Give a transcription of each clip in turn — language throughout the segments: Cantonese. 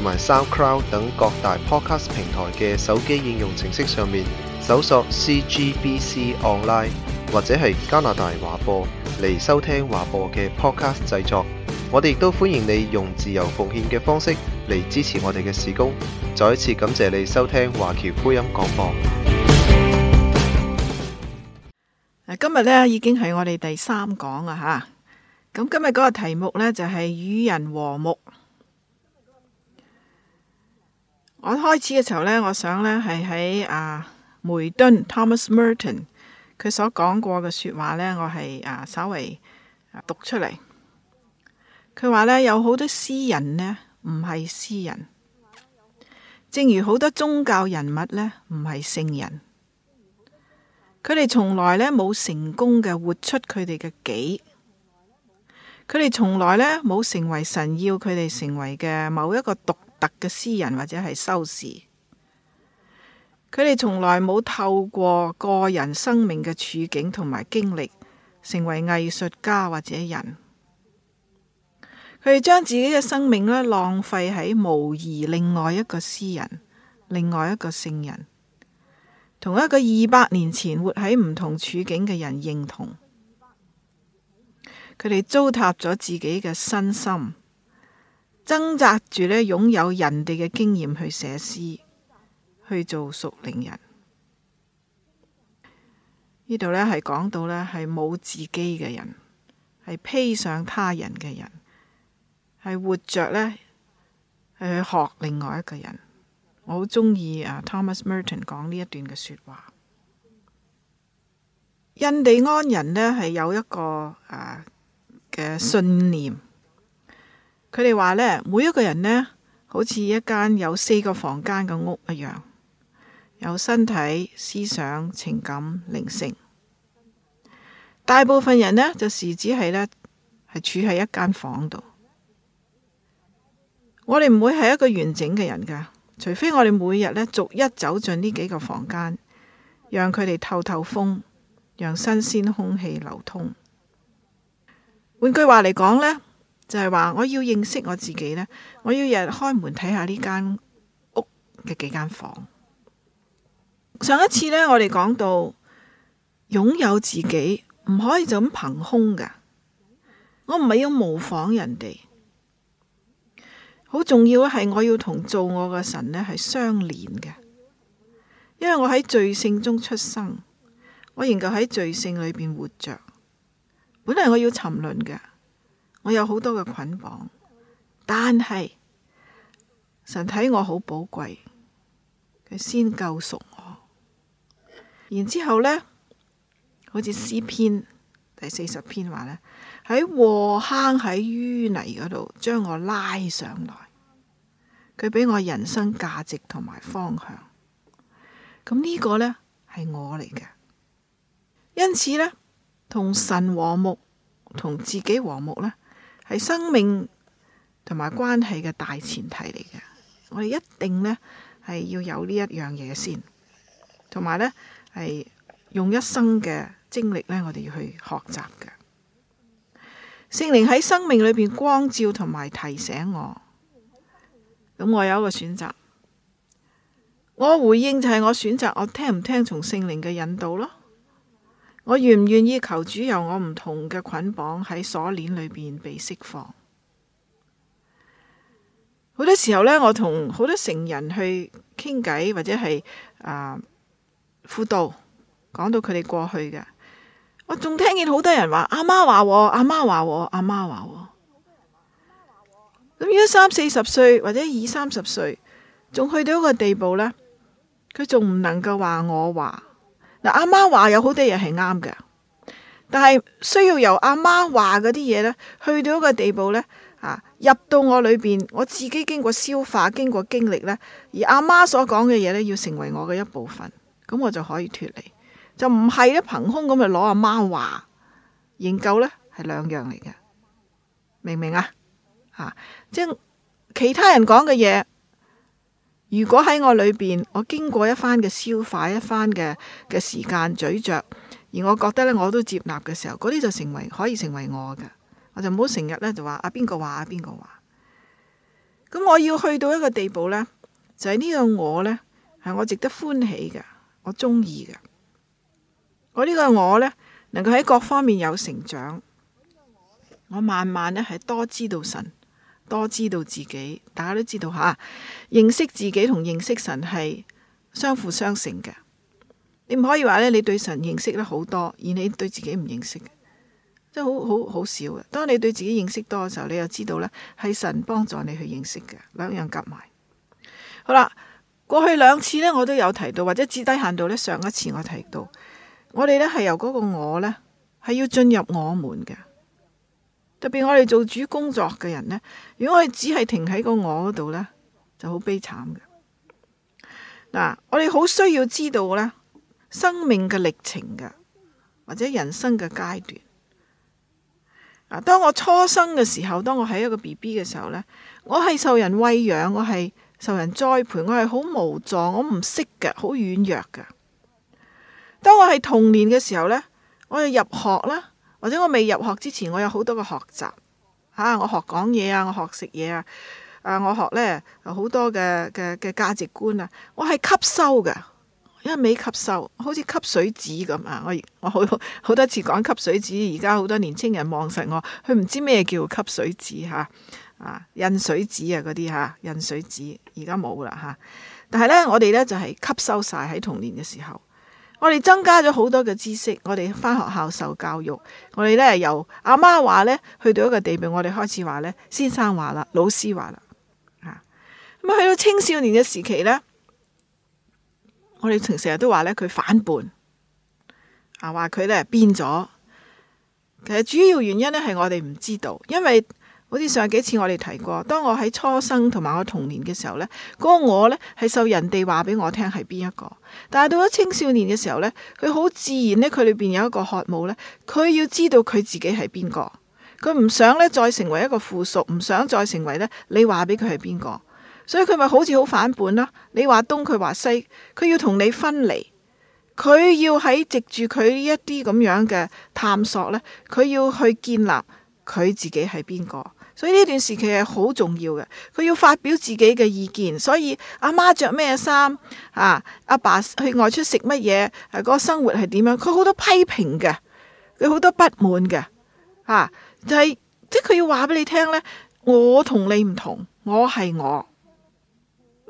同埋 SoundCloud 等各大 Podcast 平台嘅手機應用程式上面搜索 CGBC Online 或者係加拿大華播嚟收聽華播嘅 Podcast 製作。我哋亦都歡迎你用自由奉獻嘅方式嚟支持我哋嘅事工。再一次感謝你收聽華僑福音廣播。誒，今日咧已經係我哋第三講啊吓。咁今日嗰個題目咧就係、是、與人和睦。我開始嘅時候呢，我想呢係喺啊梅敦 Thomas Merton 佢所講過嘅說話呢，我係啊稍微讀出嚟。佢話呢，有好多詩人呢唔係詩人，正如好多宗教人物呢唔係聖人，佢哋從來呢冇成功嘅活出佢哋嘅己，佢哋從來呢冇成為神要佢哋成為嘅某一個獨特嘅詩人或者係修士，佢哋從來冇透過個人生命嘅處境同埋經歷成為藝術家或者人。佢哋將自己嘅生命呢浪費喺模擬另外一個詩人、另外一個聖人、同一個二百年前活喺唔同處境嘅人認同。佢哋糟蹋咗自己嘅身心。掙扎住咧，擁有人哋嘅經驗去寫詩，去做屬靈人。呢度咧係講到咧係冇自己嘅人，係披上他人嘅人，係活着咧係去學另外一個人。我好中意啊，Thomas Merton 講呢一段嘅說話。印第安人咧係有一個誒嘅、啊、信念。佢哋話呢，每一個人呢，好似一間有四個房間嘅屋一樣，有身體、思想、情感、靈性。大部分人呢，就時是只係呢，係處喺一間房度。我哋唔會係一個完整嘅人噶，除非我哋每日呢，逐一走進呢幾個房間，讓佢哋透透風，讓新鮮空氣流通。換句話嚟講呢。就係話我要認識我自己呢，我要日日開門睇下呢間屋嘅幾間房。上一次呢，我哋講到擁有自己唔可以就咁憑空噶，我唔係要模仿人哋，好重要咧係我要同造我嘅神呢係相連嘅，因為我喺罪性中出生，我仍舊喺罪性裏邊活着，本來我要沉淪嘅。我有好多嘅捆綁，但係神睇我好寶貴，佢先救贖我。然之後呢，好似詩篇第四十篇話呢，喺禍坑喺淤泥嗰度將我拉上來，佢俾我人生價值同埋方向。咁、這、呢個呢，係我嚟嘅。因此呢，同神和睦，同自己和睦呢，係生命同埋關係嘅大前提嚟嘅，我哋一定呢係要有呢一樣嘢先，同埋呢係用一生嘅精力呢，我哋要去學習嘅。聖靈喺生命裏邊光照同埋提醒我，咁我有一個選擇，我回應就係我選擇我聽唔聽從聖靈嘅引導咯。我願唔願意求主由我唔同嘅捆綁喺鎖鏈裏邊被釋放？好多時候呢，我同好多成人去傾偈或者係啊、呃、輔導，講到佢哋過去嘅，我仲聽見好多人話阿媽話，阿媽話，阿媽話，咁而家三四十歲或者二三十歲，仲去到一個地步呢，佢仲唔能夠話我話。阿媽話有好多嘢係啱嘅，但係需要由阿媽話嗰啲嘢呢，去到一個地步呢，啊，入到我裏邊，我自己經過消化、經過經歷呢，而阿媽所講嘅嘢呢，要成為我嘅一部分，咁我就可以脫離，就唔係呢，憑空咁去攞阿媽話研究呢係兩樣嚟嘅，明唔明啊？即係其他人講嘅嘢。如果喺我裏邊，我經過一番嘅消化，一番嘅嘅時間咀嚼，而我覺得呢，我都接納嘅時候，嗰啲就成為可以成為我噶，我就唔好成日呢就話啊，邊個話啊，邊個話。咁我要去到一個地步呢，就係、是、呢個我呢，係我值得歡喜嘅，我中意嘅。我呢個我呢，能夠喺各方面有成長，我慢慢呢係多知道神。多知道自己，大家都知道吓，認識自己同認識神係相輔相成嘅。你唔可以話咧，你對神認識得好多，而你對自己唔認識嘅，即係好好好少嘅。當你對自己認識多嘅時候，你又知道咧，係神幫助你去認識嘅，兩樣夾埋。好啦，過去兩次咧，我都有提到，或者至低限度咧，上一次我提到，我哋咧係由嗰個我咧係要進入我們嘅。特別我哋做主工作嘅人呢，如果我哋只係停喺個我嗰度呢，就好悲慘嘅。嗱，我哋好需要知道呢，生命嘅歷程噶，或者人生嘅階段。嗱，當我初生嘅時候，當我係一個 B B 嘅時候呢，我係受人餵養，我係受人栽培，我係好無助，我唔識噶，好軟弱噶。當我係童年嘅時候呢，我哋入學啦。或者我未入學之前，我有好多嘅學習。嚇，我學講嘢啊，我學食嘢啊，啊我學咧好多嘅嘅嘅價值觀啊，我係吸收嘅，一味吸收，好似吸水紙咁啊！我我好好多次講吸水紙，而家好多年青人望實我，佢唔知咩叫吸水紙嚇啊，印水紙啊嗰啲嚇，印水紙而家冇啦嚇，但係咧我哋咧就係吸收晒喺童年嘅時候。我哋增加咗好多嘅知識，我哋返學校受教育，我哋咧由阿媽話咧，去到一個地步，我哋開始話咧，先生話啦，老師話啦，吓咁啊，去到青少年嘅時期咧，我哋成成日都話咧佢反叛，啊話佢咧變咗，其實主要原因咧係我哋唔知道，因為。好似上幾次我哋提過，當我喺初生同埋我童年嘅時候呢，嗰個我呢，係受人哋話俾我聽係邊一個。但係到咗青少年嘅時候呢，佢好自然呢，佢裏邊有一個渴慕呢，佢要知道佢自己係邊個，佢唔想呢，再成為一個附屬，唔想再成為呢，你話俾佢係邊個，所以佢咪好似好反叛咯。你話東佢話西，佢要同你分離，佢要喺藉住佢呢一啲咁樣嘅探索呢，佢要去建立佢自己係邊個。所以呢段時期係好重要嘅，佢要發表自己嘅意見，所以阿媽着咩衫啊，阿爸，爸去外出食乜嘢，誒、啊、嗰生活係點樣，佢好多批評嘅，佢好多不滿嘅，啊，就係即係佢要話俾你聽呢，我同你唔同，我係我，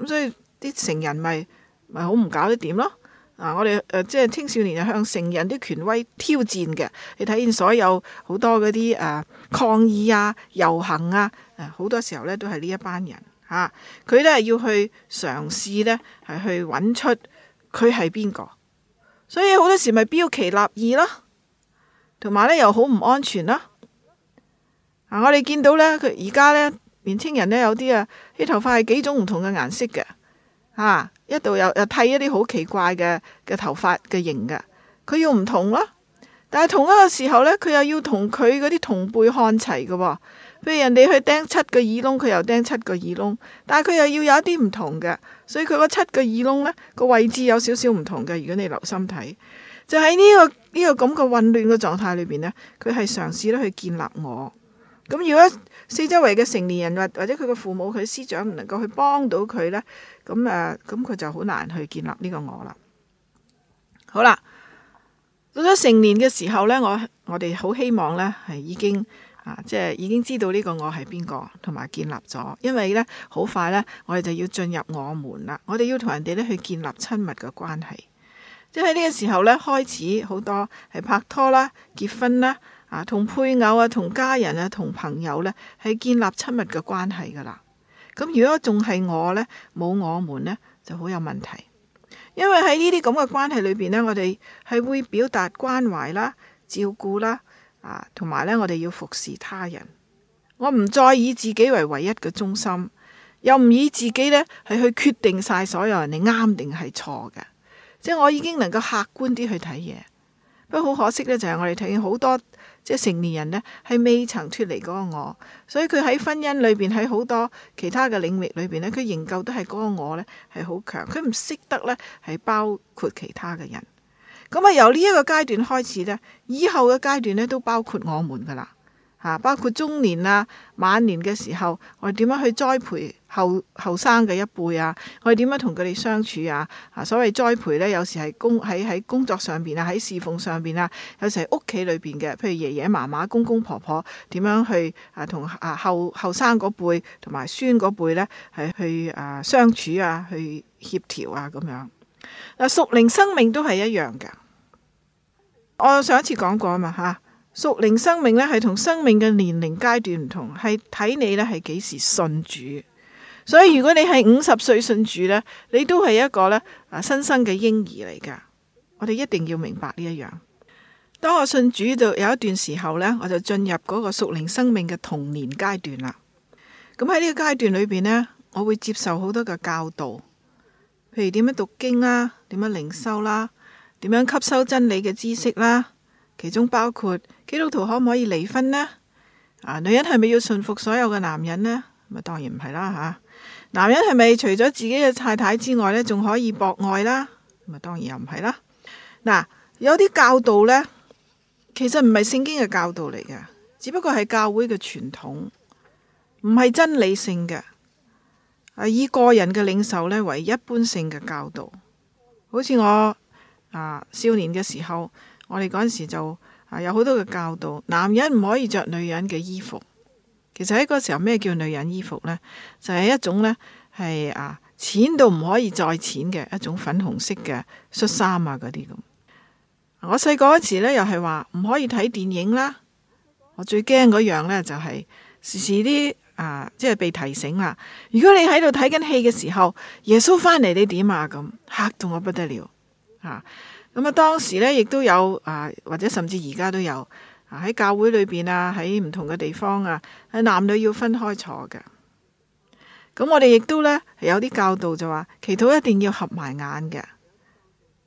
咁所以啲成人咪咪好唔搞得掂咯。啊！我哋誒即係青少年向成人啲權威挑戰嘅，你睇見所有好多嗰啲誒抗議啊、遊行啊，誒、啊、好多時候咧都係呢一班人嚇，佢都係要去嘗試咧，係去揾出佢係邊個，所以好多時咪標奇立異咯，同埋咧又好唔安全咯。啊！我哋見到咧，佢而家咧年輕人咧有啲啊，啲頭髮係幾種唔同嘅顏色嘅。啊！一度又又剃一啲好奇怪嘅嘅頭髮嘅型嘅，佢要唔同咯。但係同一個時候呢，佢又要同佢嗰啲同輩看齊嘅。譬如人哋去釘七個耳窿，佢又釘七個耳窿。但係佢又要有一啲唔同嘅，所以佢個七個耳窿呢個位置有少少唔同嘅。如果你留心睇，就喺呢個呢個咁嘅混亂嘅狀態裏邊呢，佢係嘗試咧去建立我。咁如果四周圍嘅成年人或或者佢嘅父母佢師長唔能夠去幫到佢呢。咁誒，咁佢就好難去建立呢個我啦。好啦，到咗成年嘅時候呢，我我哋好希望呢係已經啊，即係已經知道呢個我係邊個，同埋建立咗。因為呢，好快呢，我哋就要進入我們啦。我哋要同人哋咧去建立親密嘅關係，即係呢個時候呢，開始好多係拍拖啦、結婚啦啊，同配偶啊、同家人啊、同朋友呢，係建立親密嘅關係噶啦。咁如果仲係我呢，冇我們呢，就好有問題。因為喺呢啲咁嘅關係裏邊呢，我哋係會表達關懷啦、照顧啦，啊，同埋呢，我哋要服侍他人。我唔再以自己為唯一嘅中心，又唔以自己呢係去決定晒所有人你啱定係錯嘅。即係我已經能夠客觀啲去睇嘢。不過好可惜呢，就係、係、我哋睇好多。即係成年人呢，係未曾脫離嗰個我，所以佢喺婚姻裏邊，喺好多其他嘅領域裏邊呢，佢仍舊都係嗰個我呢，係好強，佢唔識得呢，係包括其他嘅人。咁啊，由呢一個階段開始呢，以後嘅階段呢，都包括我們噶啦。啊，包括中年啊、晚年嘅時候，我哋點樣去栽培後後生嘅一輩啊？我哋點樣同佢哋相處啊？啊，所謂栽培呢，有時係工喺喺工作上邊啊，喺侍奉上邊啊，有時係屋企裏邊嘅，譬如爺爺嫲嫲、公公婆婆，點樣去啊同啊後後生嗰輩同埋孫嗰輩呢？係去啊相處啊，去協調啊咁樣。啊，熟齡生命都係一樣噶。我上一次講過啊嘛，吓。屬靈生命咧，係同生命嘅年齡階段唔同，係睇你咧係幾時信主。所以如果你係五十歲信主呢，你都係一個咧啊新生嘅嬰兒嚟噶。我哋一定要明白呢一樣。當我信主就有一段時候呢，我就進入嗰個屬靈生命嘅童年階段啦。咁喺呢個階段裏邊呢，我會接受好多嘅教導，譬如點樣讀經啦，點樣靈修啦，點樣吸收真理嘅知識啦。其中包括基督徒可唔可以離婚呢？啊，女人係咪要順服所有嘅男人呢？咁啊，當然唔係啦，吓、啊。男人係咪除咗自己嘅太太之外呢，仲可以博愛啦？咁啊，當然又唔係啦。嗱、啊，有啲教導呢，其實唔係聖經嘅教導嚟嘅，只不過係教會嘅傳統，唔係真理性嘅，係、啊、以個人嘅領受呢為一般性嘅教導。好似我啊，少年嘅時候。我哋嗰陣時就啊有好多嘅教導，男人唔可以着女人嘅衣服。其實喺嗰時候咩叫女人衣服呢？就係一種呢，係啊淺到唔可以再淺嘅一種粉紅色嘅恤衫啊嗰啲咁。我細個嗰時咧又係話唔可以睇電影啦。我最驚嗰樣呢，就係時時啲啊即係被提醒啦。如果你喺度睇緊戲嘅時候，耶穌翻嚟你點啊？咁嚇到我不得了啊！咁啊，當時咧亦都有啊，或者甚至而家都有啊，喺教會裏邊啊，喺唔同嘅地方啊，喺男女要分開坐嘅。咁我哋亦都咧有啲教導就話，祈禱一定要合埋眼嘅，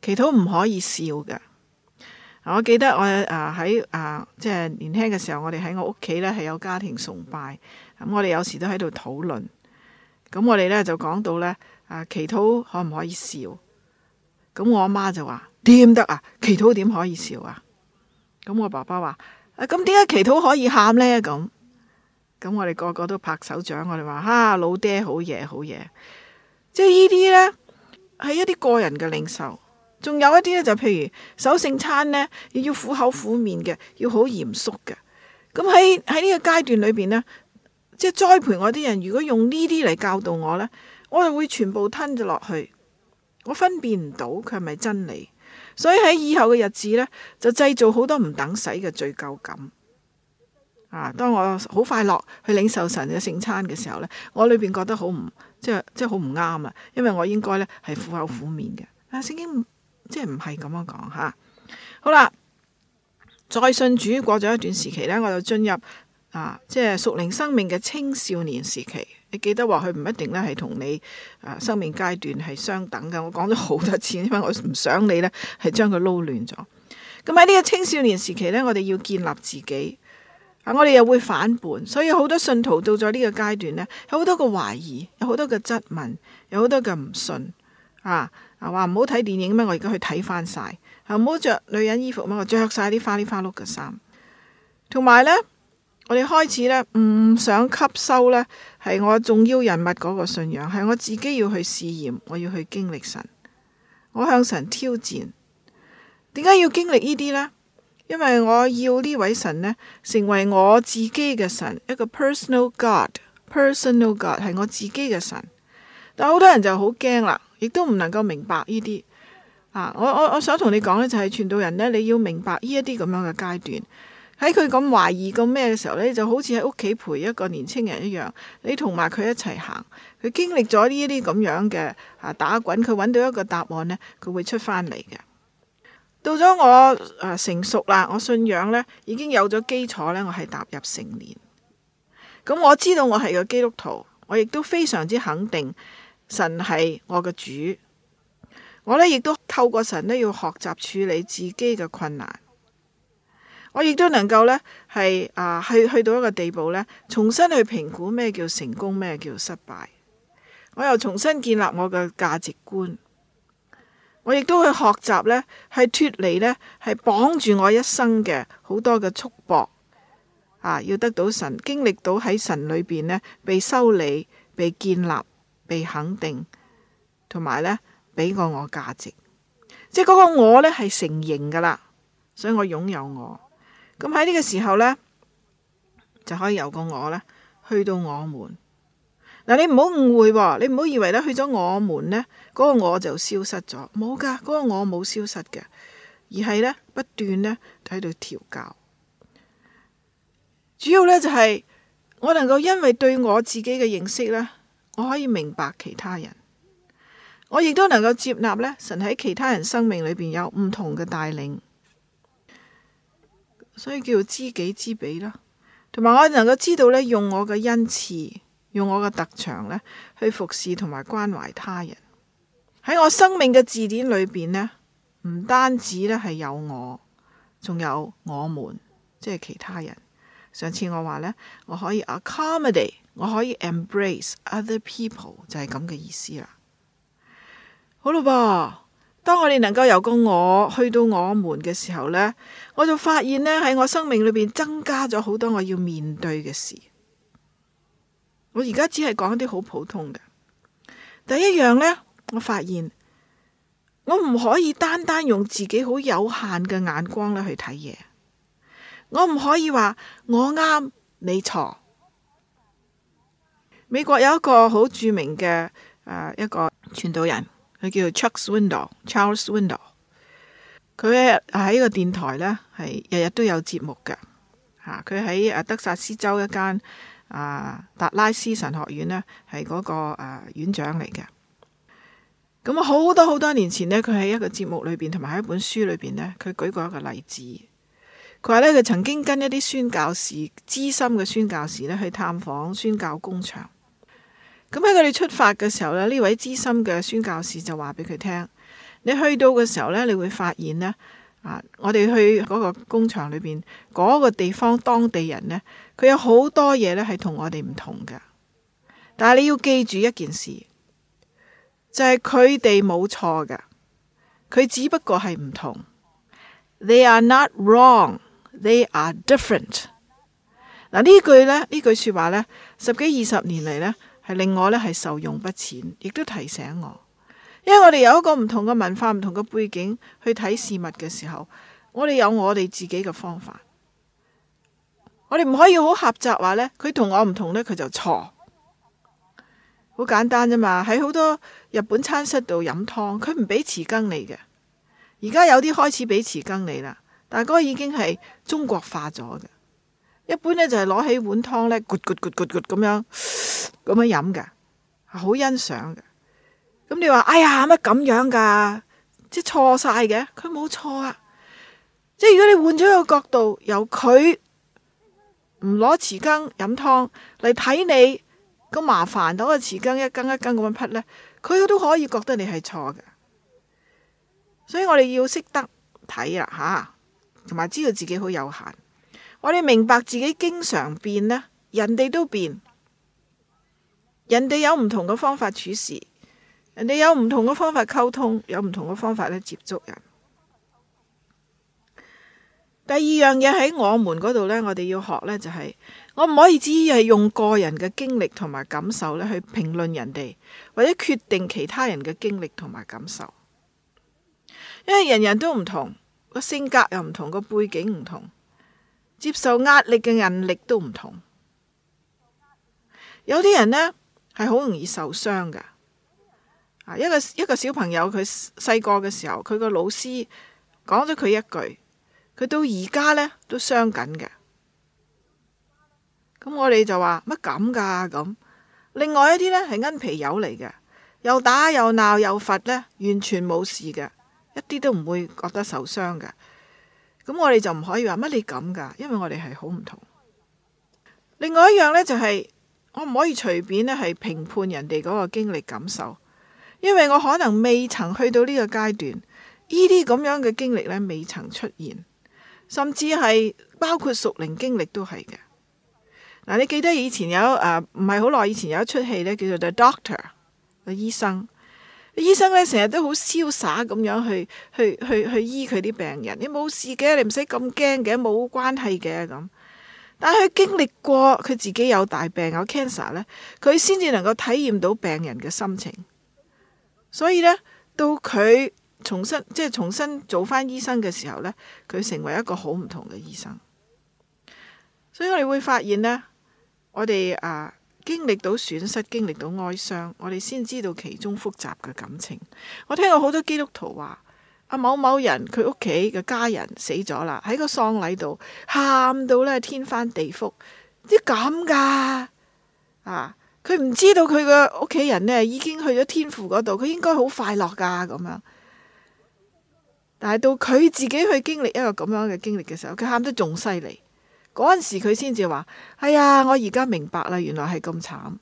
祈禱唔可以笑嘅。我記得我啊喺啊即係年輕嘅時候，我哋喺我屋企咧係有家庭崇拜，咁我哋有時都喺度討論。咁我哋咧就講到咧啊，祈禱可唔可以笑？咁我阿媽就話。點得啊？祈禱點可以笑啊？咁我爸爸話：，咁點解祈禱可以喊呢？」咁咁我哋個個都拍手掌，我哋話：，哈、啊、老爹好嘢，好嘢！即係呢啲呢，係一啲個人嘅領受。仲有一啲呢，就譬如守聖餐呢，要苦口苦面嘅，要好嚴肅嘅。咁喺喺呢個階段裏邊呢，即係栽培我啲人。如果用呢啲嚟教導我呢，我哋會全部吞咗落去。我分辨唔到佢係咪真理。所以喺以後嘅日子呢，就製造好多唔等使嘅罪疚感。啊，當我好快樂去領受神嘅聖餐嘅時候呢，我裏邊覺得好唔即係即係好唔啱啊！因為我應該呢係苦口苦面嘅，啊聖經即係唔係咁樣講吓。好啦，再信主過咗一段時期呢，我就進入啊即係屬靈生命嘅青少年時期。你記得話佢唔一定咧係同你啊生命階段係相等嘅。我講咗好多次，因為我唔想你咧係將佢撈亂咗。咁喺呢個青少年時期咧，我哋要建立自己啊，我哋又會反叛，所以好多信徒到咗呢個階段咧，有好多個懷疑，有好多個質問，有好多個唔信啊，啊話唔好睇電影咩？我而家去睇翻晒，啊！唔好、啊、着女人衣服咩？我着晒啲花里花碌嘅衫。同埋咧，我哋開始咧唔想吸收咧。係我重要人物嗰個信仰，係我自己要去試驗，我要去經歷神，我向神挑戰。點解要經歷呢啲呢？因為我要呢位神呢，成為我自己嘅神，一個 personal god，personal god 係 god，我自己嘅神。但好多人就好驚啦，亦都唔能夠明白呢啲啊！我我我想同你講呢，就係、是、傳道人呢，你要明白呢一啲咁樣嘅階段。喺佢咁懷疑個咩嘅時候呢，就好似喺屋企陪一個年青人一樣，你同埋佢一齊行，佢經歷咗呢啲咁樣嘅、啊打滾，佢揾到一個答案呢，佢會出翻嚟嘅。到咗我成熟啦，我信仰呢已經有咗基礎呢，我係踏入成年。咁、嗯、我知道我係個基督徒，我亦都非常之肯定神係我嘅主。我呢亦都透過神呢要學習處理自己嘅困難。我亦都能夠呢，係啊去去到一個地步呢，重新去評估咩叫成功，咩叫失敗。我又重新建立我嘅價值觀。我亦都去學習呢，係脫離呢，係綁住我一生嘅好多嘅束縛啊！要得到神，經歷到喺神裏邊呢，被修理、被建立、被肯定，同埋呢，俾過我價值，即係嗰個我呢，係成形㗎喇，所以我擁有我。咁喺呢個時候呢，就可以由個我呢去到我們。嗱、哦，你唔好誤會，你唔好以為呢去咗我們呢，嗰、嗰個我就消失咗，冇噶，嗰、嗰個我冇消失嘅，而係呢，不斷呢喺度調教。主要呢、就係，就係我能夠因為對我自己嘅認識呢，我可以明白其他人，我亦都能夠接納呢神喺其他人生命裏邊有唔同嘅帶領。所以叫做知己知彼啦，同埋我能夠知道呢，用我嘅恩賜，用我嘅特長呢去服侍同埋關懷他人。喺我生命嘅字典裏邊呢，唔單止呢係有我，仲有我們，即係其他人。上次我話呢，我可以 accommodate，我可以 embrace other people，就係咁嘅意思啦。好啦，各當我哋能夠由個我去到我們嘅時候呢，我就發現呢，喺我生命裏邊增加咗好多我要面對嘅事。我而家只係講一啲好普通嘅。第一樣呢，我發現我唔可以單單用自己好有限嘅眼光去睇嘢。我唔可以話我啱你錯。美國有一個好著名嘅誒、呃、一個傳道人。佢叫做 Chuck Swindoll，Charles Swindoll，佢喺個電台呢，係日日都有節目噶，吓佢喺德薩斯州一間啊達拉斯神學院呢，係嗰、那個、啊、院長嚟嘅。咁好多好多年前呢，佢喺一個節目裏邊同埋喺一本書裏邊呢，佢舉過一個例子。佢話呢，佢曾經跟一啲宣教士，資深嘅宣教士呢，去探訪宣教工場。咁喺佢哋出發嘅時候呢，呢位資深嘅宣教士就話俾佢聽：你去到嘅時候呢，你會發現呢，啊，我哋去嗰個工場裏邊嗰個地方，當地人呢，佢有好多嘢呢係同我哋唔同噶。但係你要記住一件事，就係佢哋冇錯噶，佢只不過係唔同。They are not wrong, they are different。嗱、啊、呢句呢，呢句說話呢，十幾二十年嚟呢。令我呢係受用不淺，亦都提醒我，因為我哋有一個唔同嘅文化、唔同嘅背景去睇事物嘅時候，我哋有我哋自己嘅方法。我哋唔可以好狹窄話呢，佢同我唔同呢，佢就錯。好簡單啫嘛，喺好多日本餐室度飲湯，佢唔俾匙羹你嘅。而家有啲開始俾匙羹你啦，但係嗰個已經係中國化咗嘅。一般咧，就係攞起碗湯咧，咕咕咕咕咕咁樣，咁樣飲嘅，好欣賞嘅。咁你話，哎呀乜咁樣噶？即係錯晒嘅。佢冇錯啊，即係如果你換咗個角度，由佢唔攞匙羹飲湯嚟睇你煩，咁麻煩到個匙羹一羹一羹咁樣劈咧，佢都可以覺得你係錯嘅。所以我哋要識得睇啊，吓，同埋知道自己好有限。我哋明白自己經常變咧，人哋都變，人哋有唔同嘅方法處事，人哋有唔同嘅方法溝通，有唔同嘅方法咧接觸人。第二樣嘢喺我們嗰度呢，我哋要學呢，就係、是，我唔可以只係用個人嘅經歷同埋感受咧去評論人哋，或者決定其他人嘅經歷同埋感受，因為人人都唔同，個性格又唔同，個背景唔同。接受壓力嘅人力都唔同，有啲人呢係好容易受傷嘅。一個一個小朋友佢細個嘅時候，佢個老師講咗佢一句，佢到而家呢都傷緊嘅。咁我哋就話乜咁噶咁？另外一啲呢係韌皮友嚟嘅，又打又鬧又罰呢，完全冇事嘅，一啲都唔會覺得受傷嘅。咁我哋就唔可以話乜你咁噶，因為我哋係好唔同。另外一樣呢，就係、是，我唔可以隨便呢係評判人哋嗰個經歷感受，因為我可能未曾去到呢個階段，呢啲咁樣嘅經歷呢未曾出現，甚至係包括屬靈經歷都係嘅。嗱、啊，你記得以前有啊唔係好耐以前有一出戲呢，叫做《The Doctor》啊醫生。醫生咧，成日都好瀟灑咁樣去去去去醫佢啲病人，你冇事嘅，你唔使咁驚嘅，冇關係嘅咁。但係佢經歷過佢自己有大病有 cancer 咧，佢先至能夠體驗到病人嘅心情。所以咧，到佢重新即係、就是、重新做翻醫生嘅時候咧，佢成為一個好唔同嘅醫生。所以我哋會發現咧，我哋啊。經歷到損失，經歷到哀傷，我哋先知道其中複雜嘅感情。我聽過好多基督徒話：阿某某人佢屋企嘅家人死咗啦，喺個喪禮度喊到咧天翻地覆，啲咁噶啊！佢唔知道佢嘅屋企人呢已經去咗天父嗰度，佢應該好快樂噶咁樣。但係到佢自己去經歷一個咁樣嘅經歷嘅時候，佢喊得仲犀利。嗰陣時佢先至話，哎呀，我而家明白啦，原來係咁慘。咁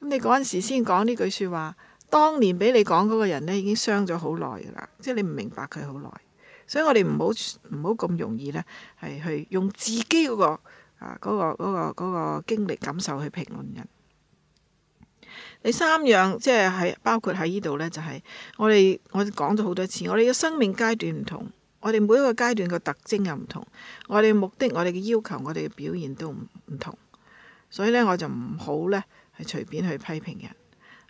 你嗰陣時先講呢句說話，當年俾你講嗰個人呢已經傷咗好耐噶啦，即係你唔明白佢好耐。所以我哋唔好唔好咁容易呢，係去用自己嗰個啊嗰個嗰個嗰個經歷感受去評論人。你三樣即係喺包括喺呢度呢，就係我哋我講咗好多次，我哋嘅生命階段唔同。我哋每一個階段個特徵又唔同，我哋目的、我哋嘅要求、我哋嘅表現都唔唔同，所以咧我就唔好咧係隨便去批評人。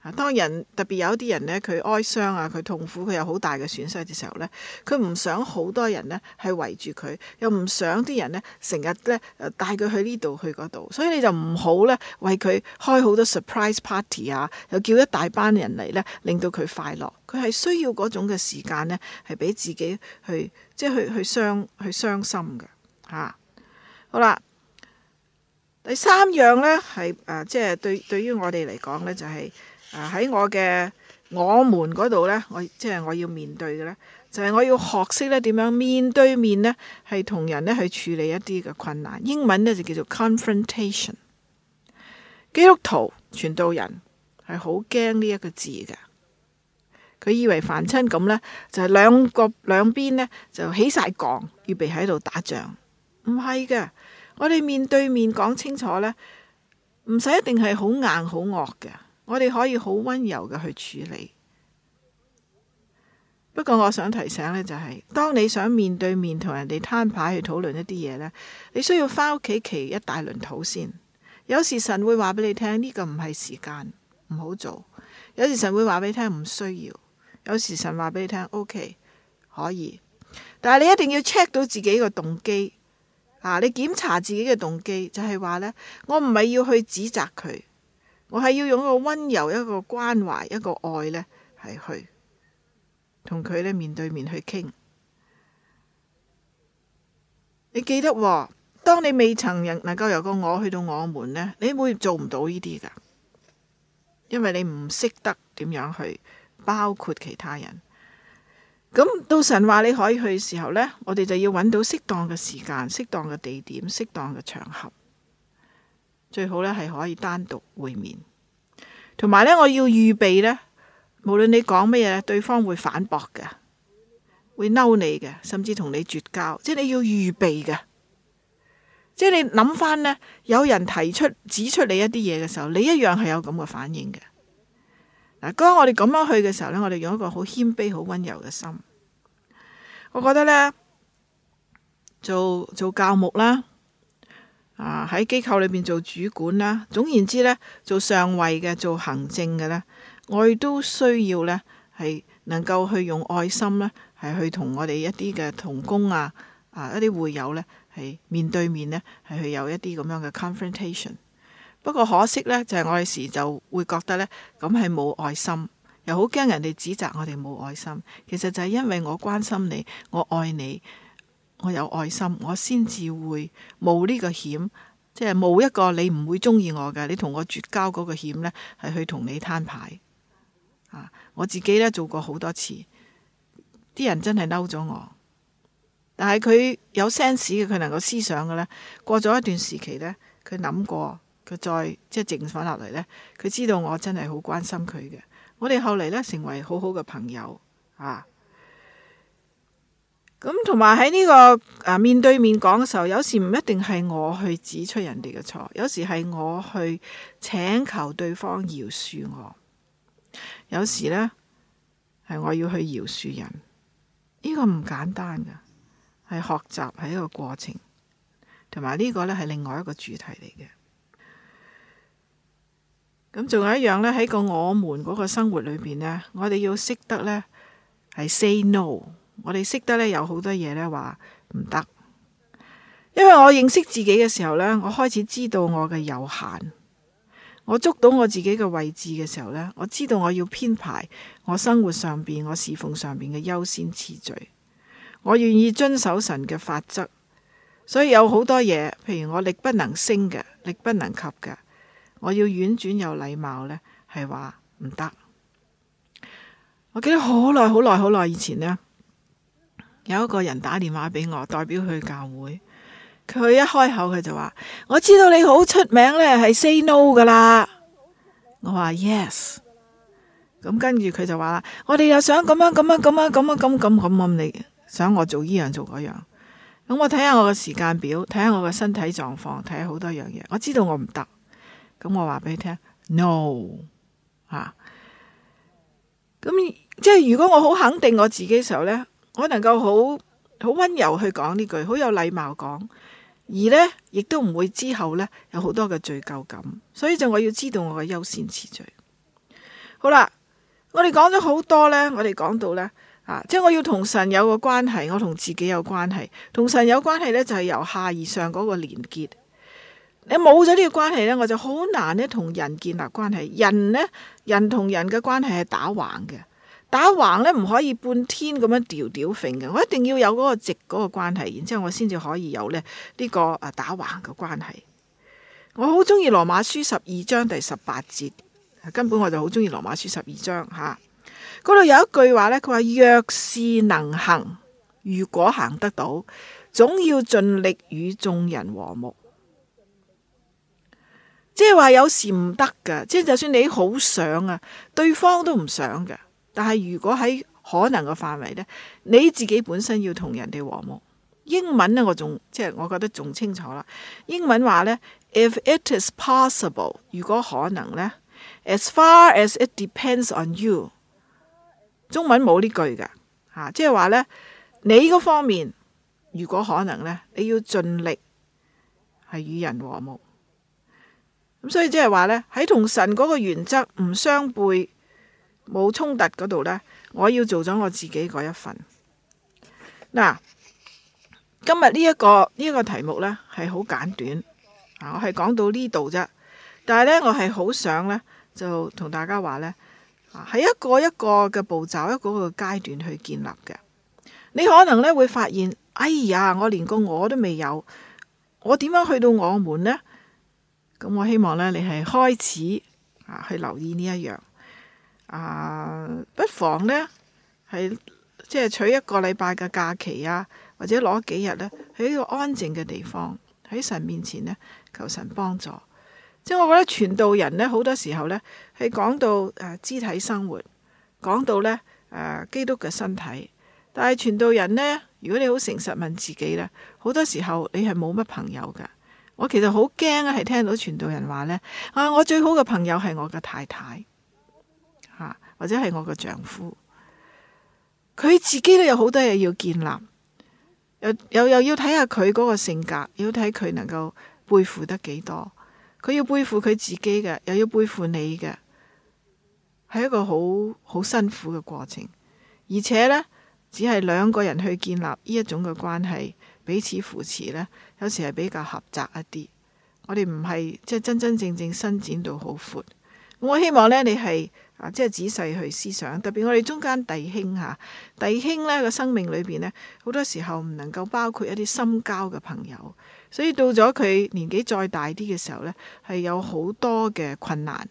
啊，當人特別有啲人咧，佢哀傷啊，佢痛苦，佢有好大嘅損失嘅時候咧，佢唔想好多人咧係圍住佢，又唔想啲人咧成日咧帶佢去呢度去嗰度，所以你就唔好咧為佢開好多 surprise party 啊，又叫一大班人嚟咧令到佢快樂。佢係需要嗰種嘅時間呢，係俾自己去即係去去傷去傷心嘅吓、啊。好啦，第三樣呢，係誒，即、呃、係、就是、對對於我哋嚟講呢，就係誒喺我嘅我們嗰度呢，我即係、就是、我要面對嘅呢，就係、是、我要學識呢點樣面對面呢，係同人呢去處理一啲嘅困難。英文呢，就叫做 confrontation。基督徒傳道人係好驚呢一個字嘅。佢以為凡親咁呢，就係兩個兩邊呢，就起晒槓，預備喺度打仗。唔係嘅，我哋面對面講清楚呢，唔使一定係好硬好惡嘅，我哋可以好溫柔嘅去處理。不過我想提醒呢，就係、是、當你想面對面同人哋攤牌去討論一啲嘢呢，你需要返屋企祈一大輪禱先。有時神會話俾你聽，呢個唔係時間，唔好做；有時神會話俾你聽，唔需要。有時神話俾你聽，OK 可以，但係你一定要 check 到自己個動機啊！你檢查自己嘅動機就係話呢：我唔係要去指責佢，我係要用一個溫柔、一個關懷、一個愛呢，係去同佢呢，面對面去傾。你記得喎，當你未曾能夠由個我去到我們呢，你會做唔到呢啲噶，因為你唔識得點樣去。包括其他人，咁到神話你可以去嘅時候呢，我哋就要揾到適當嘅時間、適當嘅地點、適當嘅場合，最好呢係可以單獨會面。同埋呢，我要預備呢，無論你講咩嘢，對方會反駁嘅，會嬲你嘅，甚至同你絕交。即係你要預備嘅，即係你諗翻呢，有人提出指出你一啲嘢嘅時候，你一樣係有咁嘅反應嘅。嗱，當我哋咁樣去嘅時候呢，我哋用一個好謙卑、好温柔嘅心，我覺得呢，做做教牧啦，啊喺機構裏邊做主管啦，總言之呢，做上位嘅、做行政嘅呢，我哋都需要呢，係能夠去用愛心呢，係去同我哋一啲嘅同工啊、啊一啲會友呢，係面對面呢，係去有一啲咁樣嘅 confrontation。不過可惜呢，就係我有時就會覺得呢，咁係冇愛心，又好驚人哋指責我哋冇愛心。其實就係因為我關心你，我愛你，我有愛心，我先至會冒呢個險，即係冒一個你唔會中意我嘅，你同我絕交嗰個險呢，係去同你攤牌啊！我自己呢，做過好多次，啲人真係嬲咗我，但係佢有 sense 嘅，佢能夠思想嘅呢，過咗一段時期呢，佢諗過。佢再即係靜返落嚟呢，佢知道我真係好關心佢嘅。我哋後嚟呢，成為好好嘅朋友啊。咁同埋喺呢個啊面對面講嘅時候，有時唔一定係我去指出人哋嘅錯，有時係我去請求對方饒恕我。有時呢，係我要去饒恕人，呢個唔簡單噶，係學習係一個過程，同埋呢個呢，係另外一個主題嚟嘅。咁仲有一樣呢，喺個我們嗰個生活裏邊呢，我哋要識得呢係 say no，我哋識得呢有好多嘢呢話唔得，因為我認識自己嘅時候呢，我開始知道我嘅有限，我捉到我自己嘅位置嘅時候呢，我知道我要編排我生活上邊我侍奉上邊嘅優先次序，我願意遵守神嘅法則，所以有好多嘢，譬如我力不能升嘅，力不能及嘅。我要婉轉有禮貌呢，係話唔得。我記得好耐好耐好耐以前呢，有一個人打電話俾我，代表去教會。佢一開口佢就話：我知道你好出名呢，係 say no 噶啦。我話 yes。咁、嗯、跟住佢就話啦，我哋又想咁樣咁樣咁樣咁咁咁咁咁，你想我做呢樣做嗰樣。咁、嗯、我睇下我嘅時間表，睇下我嘅身體狀況，睇下好多樣嘢。我知道我唔得。咁我話俾你聽，no 吓、啊。咁即係如果我好肯定我自己嘅時候呢，我能夠好好溫柔去講呢句，好有禮貌講，而呢亦都唔會之後呢有好多嘅罪疚感。所以就我要知道我嘅優先次序。好啦，我哋講咗好多呢，我哋講到呢，啊，即係我要同神有個關係，我同自己有關係，同神有關係呢就係由下而上嗰個連結。你冇咗呢個關係呢，我就好難呢同人建立關係。人呢，人同人嘅關係係打橫嘅，打橫呢，唔可以半天咁樣吊吊揈嘅。我一定要有嗰個直嗰個關係，然之後我先至可以有呢呢個啊打橫嘅關係。我好中意羅馬書十二章第十八節，根本我就好中意羅馬書十二章吓。嗰度有一句話呢，佢話若是能行，如果行得到，總要盡力與眾人和睦。即係話，有時唔得噶，即係就算你好想啊，對方都唔想嘅。但係如果喺可能嘅範圍呢，你自己本身要同人哋和睦。英文呢，我仲即係我覺得仲清楚啦。英文話呢，「If it is possible」，如果可能呢，「As far as it depends on you」，中文冇呢句嘅吓，即係話呢，你嗰方面如果可能呢，你要盡力係與人和睦。咁所以即係話呢，喺同神嗰個原則唔相背、冇衝突嗰度呢，我要做咗我自己嗰一份。嗱，今日呢一個呢一個題目呢係好簡短，啊，我係講到呢度啫。但係呢，我係好想呢，就同大家話咧，啊、喺、一個一個嘅步驟、一個個階段去建立嘅。你可能呢會發現，哎呀，我連個我都未有，我點樣去到我們呢？咁我希望咧，你係開始啊去留意呢一樣啊，不妨呢，係即係取一個禮拜嘅假期啊，或者攞幾日呢，去一個安靜嘅地方，喺神面前呢，求神幫助。即係我覺得傳道人呢，好多時候呢，係講到誒、呃、肢體生活，講到呢誒、呃、基督嘅身體，但係傳道人呢，如果你好誠實問自己呢，好多時候你係冇乜朋友㗎。我其實好驚啊，係聽到傳道人話呢。啊，我最好嘅朋友係我嘅太太，吓、啊、或者係我嘅丈夫，佢自己都有好多嘢要建立，又又，又要睇下佢嗰個性格，要睇佢能夠背負得幾多，佢要背負佢自己嘅，又要背負你嘅，係一個好好辛苦嘅過程，而且呢，只係兩個人去建立呢一種嘅關係。彼此扶持呢，有時係比較狹窄一啲。我哋唔係即係真真正正伸展到好闊。我希望呢，你係啊，即係仔細去思想。特別我哋中間弟兄吓，弟兄呢個生命裏邊呢，好多時候唔能夠包括一啲深交嘅朋友。所以到咗佢年紀再大啲嘅時候呢，係有好多嘅困難。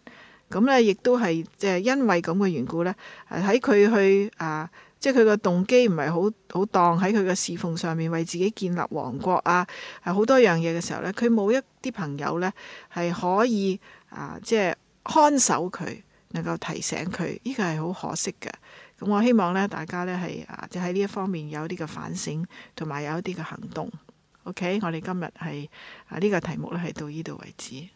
咁呢，亦都係即係因為咁嘅緣故呢，喺佢去啊。即係佢個動機唔係好好當，喺佢個侍奉上面為自己建立王國啊，係好多樣嘢嘅時候咧，佢冇一啲朋友咧係可以啊，即係看守佢，能夠提醒佢，呢個係好可惜嘅。咁我希望咧，大家咧係啊，即係喺呢一方面有一啲嘅反省，同埋有一啲嘅行動。OK，我哋今日係啊呢個題目咧係到呢度為止。